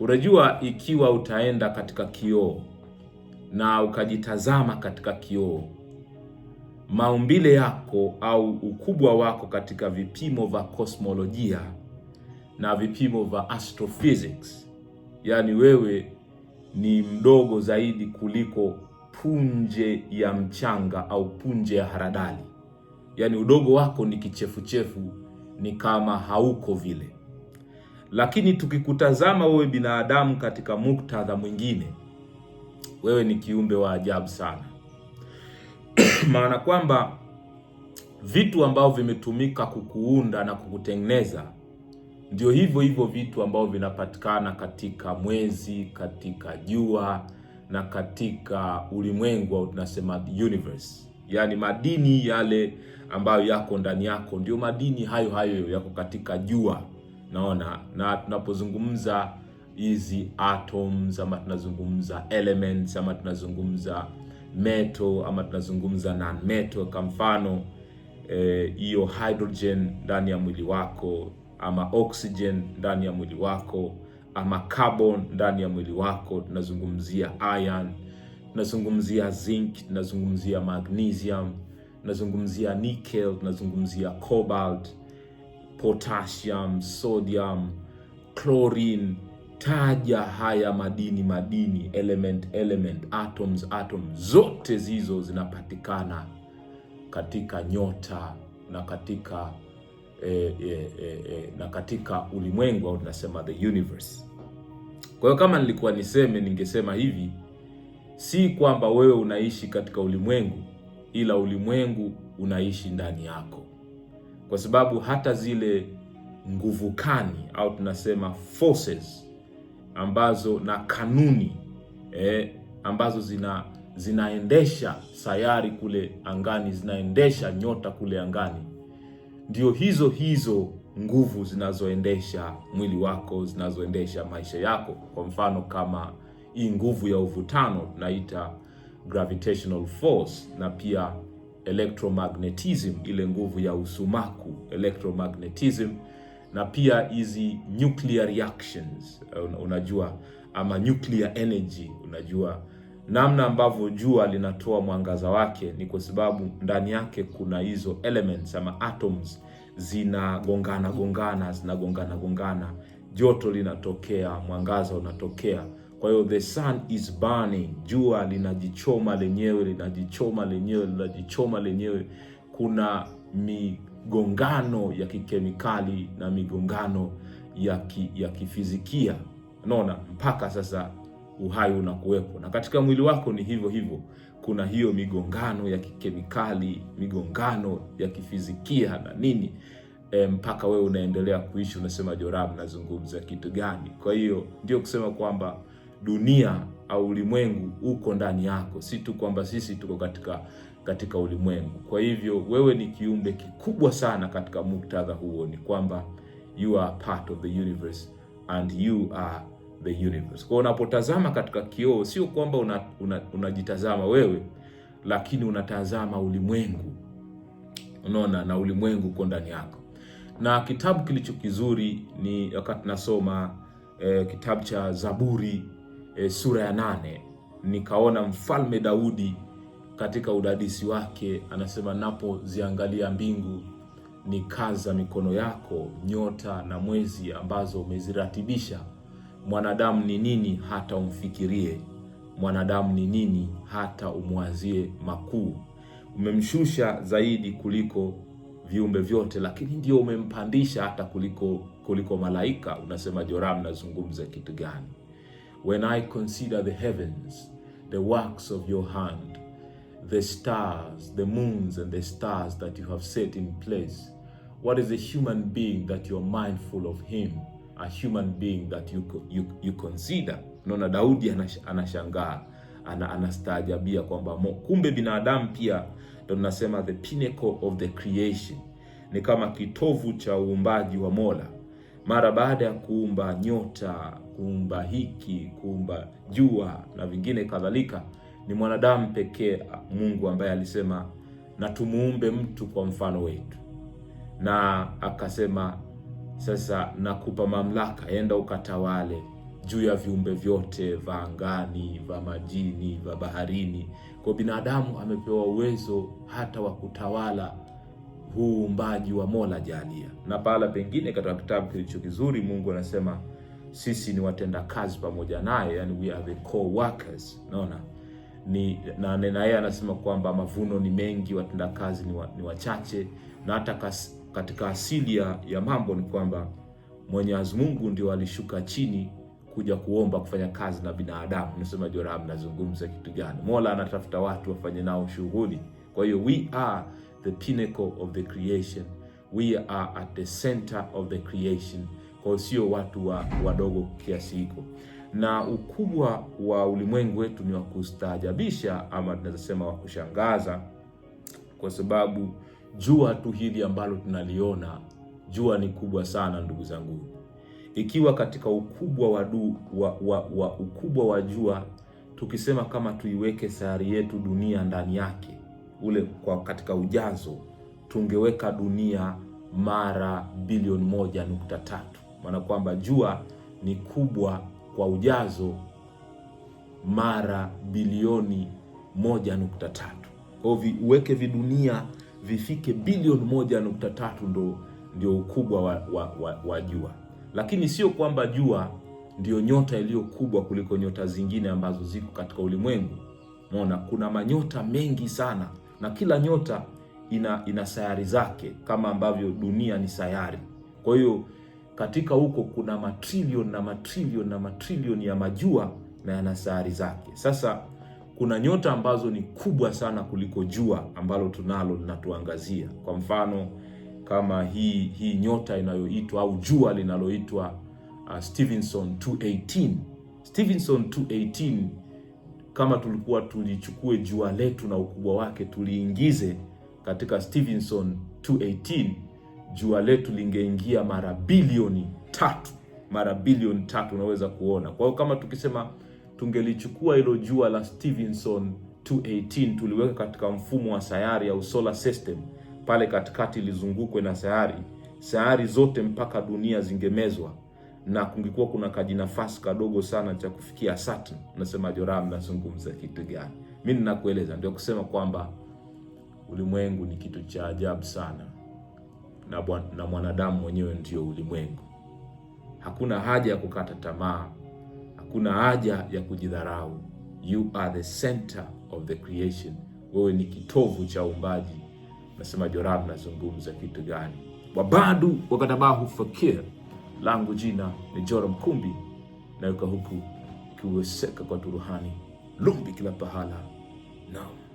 Unajua, ikiwa utaenda katika kioo na ukajitazama katika kioo, maumbile yako au ukubwa wako katika vipimo vya kosmolojia na vipimo vya astrophysics, yaani wewe ni mdogo zaidi kuliko punje ya mchanga au punje ya haradali, yaani udogo wako ni kichefuchefu, ni kama hauko vile. Lakini tukikutazama wewe binadamu katika muktadha mwingine, wewe ni kiumbe wa ajabu sana maana kwamba vitu ambavyo vimetumika kukuunda na kukutengeneza ndio hivyo hivyo vitu ambavyo vinapatikana katika mwezi, katika jua na katika ulimwengu au tunasema universe, yaani madini yale ambayo yako ndani yako, ndio madini hayo hayo yako katika jua, naona, na tunapozungumza hizi atoms ama tunazungumza elements ama tunazungumza metal ama tunazungumza non metal, kwa mfano eh, hiyo eh, hydrogen ndani ya mwili wako ama oxygen ndani ya mwili wako ama carbon ndani ya mwili wako. Tunazungumzia iron, tunazungumzia zinc, tunazungumzia magnesium, tunazungumzia nickel, tunazungumzia cobalt potassium, sodium, chlorine. Taja haya madini madini, element element, atoms atoms, zote hizo zinapatikana katika nyota na katika e, e, e, na katika ulimwengu au tunasema the universe. Kwa hiyo kama nilikuwa niseme, ningesema hivi, si kwamba wewe unaishi katika ulimwengu, ila ulimwengu unaishi ndani yako kwa sababu hata zile nguvu kani au tunasema forces ambazo na kanuni eh, ambazo zina zinaendesha sayari kule angani, zinaendesha nyota kule angani, ndio hizo hizo nguvu zinazoendesha mwili wako, zinazoendesha maisha yako. Kwa mfano kama hii nguvu ya uvutano tunaita gravitational force, na pia electromagnetism, ile nguvu ya usumaku electromagnetism, na pia hizi nuclear reactions eh, unajua, ama nuclear energy unajua namna ambavyo jua linatoa mwangaza wake ni kwa sababu ndani yake kuna hizo elements ama atoms zinagongana gongana zinagongana gongana, joto linatokea, mwangaza unatokea. Kwa hiyo the sun is burning, jua linajichoma lenyewe, linajichoma lenyewe, linajichoma lenyewe. Kuna migongano ya kikemikali na migongano ya, ki, ya kifizikia naona, mpaka sasa uhai unakuwepo, na katika mwili wako ni hivyo hivyo. Kuna hiyo migongano ya kikemikali, migongano ya kifizikia na nini E, mpaka wewe unaendelea kuishi, unasema Joram, nazungumza kitu gani? Kwa hiyo ndio kusema kwamba dunia au ulimwengu uko ndani yako, si tu kwamba sisi tuko katika katika ulimwengu. Kwa hivyo wewe ni kiumbe kikubwa sana katika muktadha huo, ni kwamba you are part of the universe and you are the universe. Kwa unapotazama katika kioo, sio kwamba unajitazama una, una wewe, lakini unatazama ulimwengu, unaona, na ulimwengu uko ndani yako. Na kitabu kilicho kizuri ni wakati nasoma eh, kitabu cha Zaburi e, sura ya nane nikaona mfalme Daudi katika udadisi wake anasema, napoziangalia mbingu ni za mikono yako, nyota na mwezi ambazo umeziratibisha. Mwanadamu ni nini hata umfikirie? Mwanadamu ni nini hata umwazie makuu? Umemshusha zaidi kuliko viumbe vyote, lakini ndio umempandisha hata kuliko kuliko malaika. Unasema Joram, nazungumza kitu gani? When I consider the heavens, the works of your hand, the stars, the moons, and the stars that you have set in place, what is a human being that you are mindful of him, a human being that you, you, you consider? naona Daudi anashangaa ana, anastaajabia kwamba kumbe binadamu pia ndo tunasema the pinnacle of the creation, ni kama kitovu cha uumbaji wa Mola mara baada ya kuumba nyota, kuumba hiki, kuumba jua na vingine kadhalika, ni mwanadamu pekee Mungu ambaye alisema na tumuumbe mtu kwa mfano wetu, na akasema sasa nakupa mamlaka, enda ukatawale juu ya viumbe vyote vya angani, vya majini, vya baharini. Kwa binadamu amepewa uwezo hata wa kutawala huumbaji uumbaji wa Mola Jalia. Na pahala pengine katika kitabu kilicho kizuri Mungu anasema sisi ni watenda kazi pamoja naye, yani we are the co-workers. Naona ni na nena yeye anasema kwamba mavuno ni mengi, kazi ni, wa, ni wachache. Na hata kas, katika asili ya, ya mambo ni kwamba Mwenyezi Mungu ndio alishuka chini kuja kuomba kufanya kazi na binadamu. Nasema Joram, nazungumza kitu gani? Mola anatafuta watu wafanye nao shughuli. Kwa hiyo we are the pinnacle of the creation. We are at the center of the creation. Kwa sio watu wa wadogo kiasi hiko, na ukubwa wa ulimwengu wetu ni wa kustaajabisha, ama tunaweza sema wa kushangaza, kwa sababu jua tu hili ambalo tunaliona, jua ni kubwa sana ndugu zangu. Ikiwa katika ukubwa wa, du, wa, wa, wa ukubwa wa jua tukisema kama tuiweke sayari yetu dunia ndani yake ule kwa katika ujazo tungeweka dunia mara bilioni moja nukta tatu maana kwamba jua ni kubwa kwa ujazo mara bilioni moja nukta tatu Kwa hiyo uweke vidunia vifike bilioni moja nukta tatu ndo ndio ukubwa wa, wa, wa, wa jua, lakini sio kwamba jua ndiyo nyota iliyo kubwa kuliko nyota zingine ambazo ziko katika ulimwengu. mona kuna manyota mengi sana na kila nyota ina, ina sayari zake kama ambavyo dunia ni sayari. Kwa hiyo katika huko kuna matrilion na matrilion na matrilion ya majua na yana sayari zake. Sasa kuna nyota ambazo ni kubwa sana kuliko jua ambalo tunalo linatuangazia. Kwa mfano kama hii hii nyota inayoitwa au jua linaloitwa uh, Stevenson 218. Stevenson 218 kama tulikuwa tulichukue jua letu na ukubwa wake tuliingize katika Stevenson 218 jua letu lingeingia mara bilioni tatu, mara bilioni tatu. Unaweza kuona. Kwa hiyo kama tukisema tungelichukua hilo jua la Stevenson 218 tuliweka katika mfumo wa sayari au solar system, pale katikati lizungukwe na sayari sayari zote mpaka dunia zingemezwa na kungekuwa kuna kajinafasi kadogo sana cha kufikia Saturn, unasema Joram, nazungumza kitu gani? Mi ninakueleza, ndio kusema kwamba ulimwengu ni kitu cha ajabu sana na, na mwanadamu mwenyewe ndio ulimwengu. Hakuna haja ya kukata tamaa, hakuna haja ya kujidharau. You are the center of the creation, wewe ni kitovu cha uumbaji. Nasema joram nazungumza kitu gani? wabadu wakatabahu fakir langu jina ni Joram Kumbi, naweka huku kiweseka kwa turuhani lumbi kila pahala na